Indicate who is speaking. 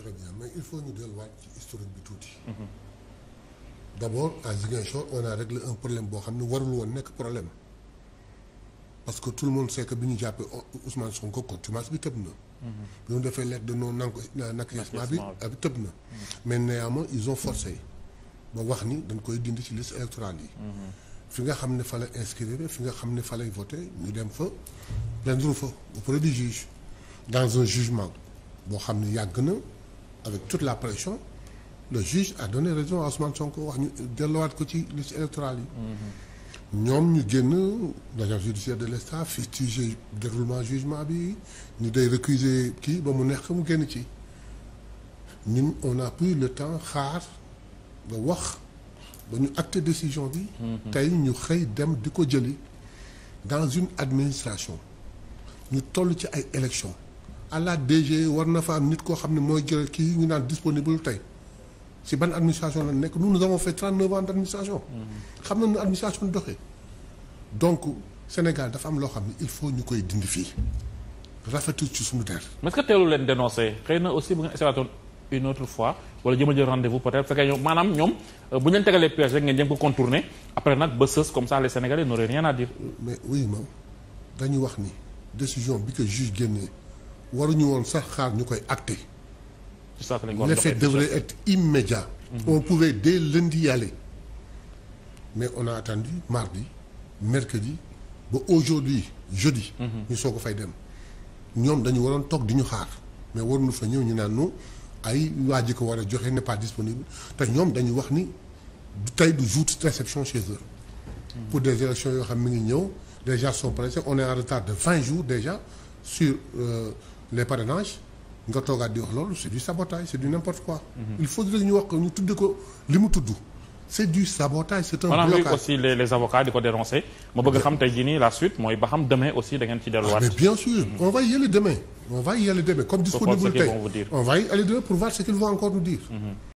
Speaker 1: très bien mais il faut ñu delluwaat ci historique bi tuuti. d' abord à Ziguinchor on a réglé un problème boo xam ne warul woon nekk problème parce que tout le monde sait bi ñu jàppee Ousmane Sonko contumace bi tëb na. bi ñu defee lettre de non acquiescement bi bi tëb na. mais néanmoins ils ont forcé ba wax ni dañ koy dindi ci liste électorale yi. fi nga xam ne fa lay inscrire fi nga xam ne fa lay voté ñu dem fa plaindre fa auprès du juge dans un jugement boo avec tout la pression le juge a donné raison à Ousmane ko wax ñu delluwaat ko ci liste électorale yi. Mm-hmm. ñoom ñu génn l'agence judiciaire de l'État fustige déroulement jugement bi ñu day récuser kii ba mu neex mu génn ci ñun on a pris le temps xaar ba wax ba ñu acte décision bi. Mm-hmm. tey ñu xëy dem di ko jëli dans une administration ñu toll ci ay élections. à la DG war na fa am nit koo xam ne mooy jël kii ñu naan disponible tey si ban administration la nekk nous nous avons fait 39 ans d' administration.
Speaker 2: Mm-hmm.
Speaker 1: xam nañu administration doxee. donc Sénégal dafa am loo xam ne il faut ñu koy dindi fii rafetul ci suñu der.
Speaker 2: mais est que teelu leen dénoncé xëy na aussi bu ngeen escalaatoon une autre fois wala jëm a jël rendez vous peut être fekkee ñoom maanaam ñoom euh, bu ñu leen tegalee piège rek ngeen jëm ko contourner après nag ba sës comme ça les Sénégalais n'auraient rien dañuy wax ni
Speaker 1: décision bi ko juge génnee. waruñu woon sax xaar ñu koy acté
Speaker 2: l'effet devrait
Speaker 1: être immédiat mhm. on pouvait dès lundi y aller mais on a attendu mardi mercredi ba aujourd'hui jeudi mhm. ñu soo ko fay dem ñoom dañu waroon toog di ñu xaar mais waruñu fa ñëw ñu naan nu ay waa ji ko war a joxe n'est pas disponible te ñoom dañu wax ni du tey du jour de réception chez eux mhm. pour des élections yoo xam mi ngi ñëw déjà sont pressés on est retard de vingt jours déjà sur euh, les parrainages nga toogaat di wax loolu c'est du sabotage c'est du n'importe quoi. Mhm. il faudrait ñu wax ko ñu tuddee ko li mu tudd. c'est du sabotage
Speaker 2: c'est un blocage aussi les les avocats di ko dénoncer ma bëgg xam tey jii la suite mooy ba xam demain aussi da ngeen ci delluwaat. Ah, mais
Speaker 1: bien sûr mhm. on va y aller demain. on va y aller demain comme disponible tey on va y aller demain pour voir ce qu'ils vont encore nous dire. Mhm.